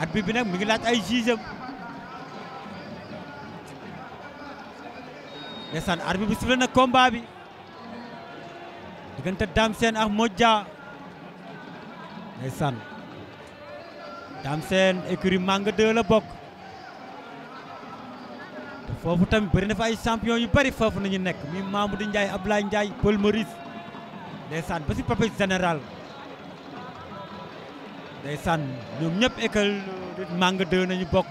arbitre bi nag mi ngi laaj ay jugeem ndeysaan arbitre bi sifflé na combat bi diggante Dame Sène ak Modja ndeysaan Dame Sène écurie Manga 2 a bokk te foofu tamit bëri na fa ay champion yu bëri foofu nañu nekk mi Mamadou Ndiaye Ablaye Ndiaye Paul Maurice ndeysaan ba si Papa Général day sànn ñoom ñëpp école dit màng dë nañu bokk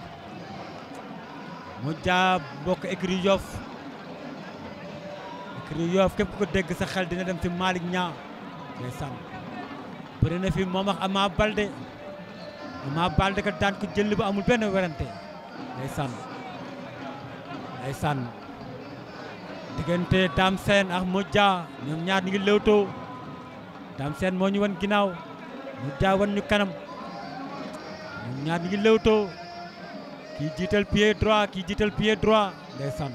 mu jaa bokk écrit Yoff écrit Yoff képp ku dégg sa xel dina dem ci Malick Niang day sànn bëri na fi moom ak Ama Baldé Ama Baldé ka daan ko jël ba amul benn werante day sànn day sànn diggante Dame Sène ak Modja ñoom ñaar ñu ngi lewtoo Dame moo ñu wan ginnaaw mu jaawan ñu kanam ñoom ñaar ñu ngi lewtoo kii jiital pied droit kii jiital pied droit ndeysaan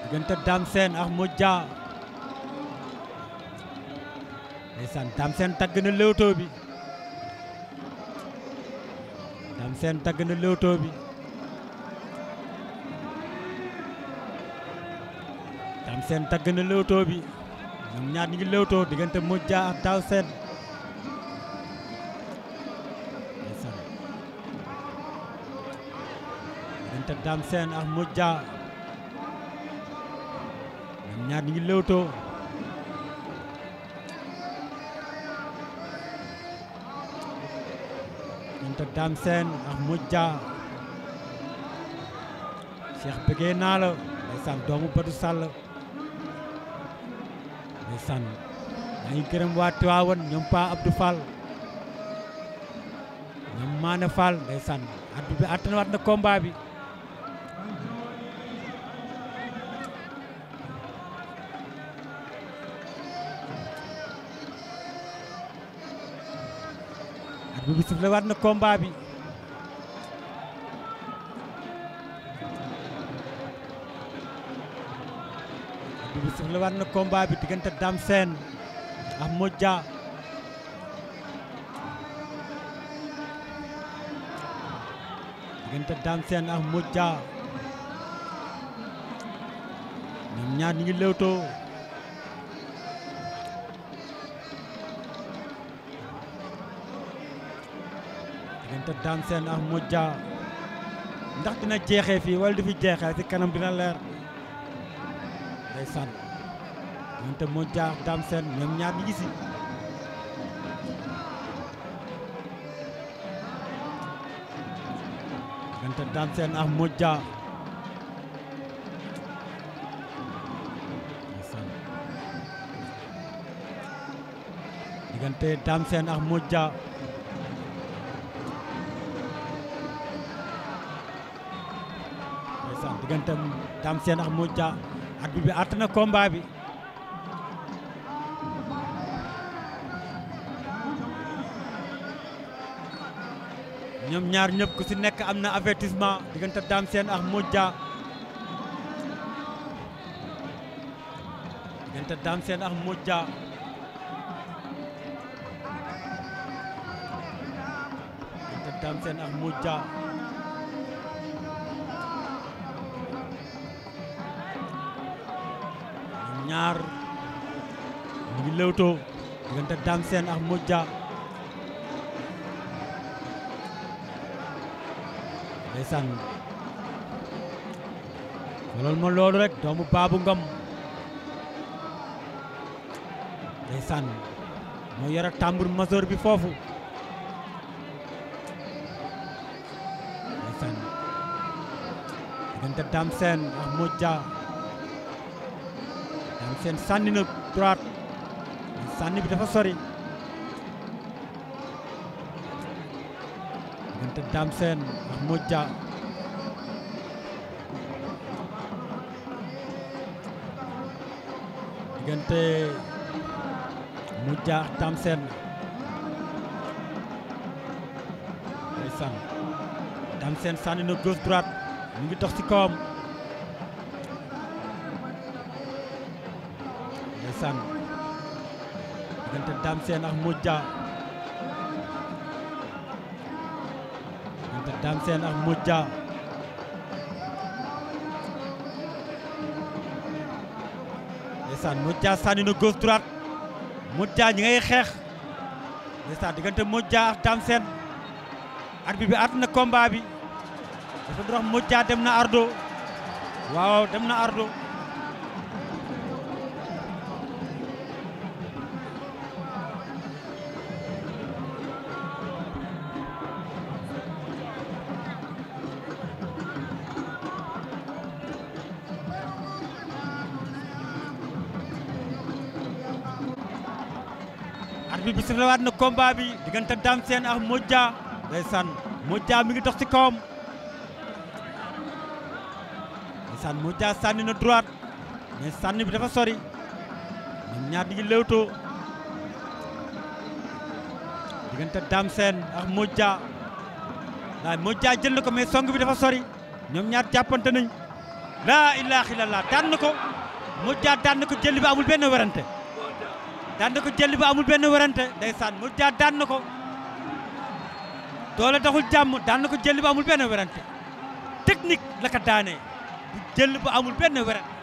diggante Dame Sène ak Modou Dia ndeysaan Dame Sène tagg na lewtoo bi Dame Sène tagg na lewtoo bi Dame tagg na lewtoo bi ñoom ñaar ñi ngi lewtoo diggante Modja ak Taw Sène diggante Dame Sène ak Modja ñoom ñaar ñi ngi lewtoo diggante Dame Sène ak Modja Cheikh bëggee naa la ndeysaan doomu Badou Sall ndeysaan maa ngi gërëm waa Tiwaawan ñoom Pa Abdou Fall ñoom Maane Fall ndeysaan addu bi attanawaat na combat bi addu bi bi arbitre bi bi diggante Dame Sène ak Modou Dia diggante Dame Sène ak Modou Dia ñoom ñaar ñu ngi lewtoo diggante Dame Sène ak Modou ndax dina jeexee fii wala du fi jeexee ci kanam dina leer ndeysaan diggante Modja Dame Sène ñoom ñaar ñi ngi si diggante Dame Sène ak Modja ndeysaan diggante Dame Sène ak Modja ndeysaan arbitre bi àtt na combat bi ñoom ñaar ñëpp ku ci nekk am na avertissement diggante Dame Sène ak Modja diggante Dame Sène ak Modja diggante Dame Sène ak Modja ñaar ñu ngi lewtoo diggante Dame Sène ak Modou Dia ndeysaan xoolal ma loolu rek bi foofu ndeysaan diggante Dame Sène ak Modou seen sànni na droite sànni bi dafa sori diggante Dame Sène ak diggante Modou Dia ak Dame Sène sànni na gauche droite mu ngi dox ci kawam ndeysaan diggante Dame Sène ak Modou Dia diggante Dame Sène ak Modou Dia na gauche droite Modou Dia ñi ngay xeex ndeysaan diggante Modou Dia ak Dame Sène arbitre bi at na combat bi dafa doon wax dem na ardo waaw dem na ardo arbitre bi sifflé waat na combat bi diggante Dame Sène ak Modja ndeysaan Modja mi ngi dox ci kawam ndeysaan Modja sànni na droite mais bi dafa sori ñaar di ngi lewtoo diggante Dame Sène ak Modja waaye Modja jël na ko mais song bi dafa sori ñoom ñaar jàppante nañ laa ilaaha illallah daan na ko Modja daan na ko jël bi amul benn werante daan na ko jël ba amul benn werante day mu jaar daan na ko doole taxul jàmm daan ko jël ba amul benn werante technique la ko daanee jël ba amul benn werante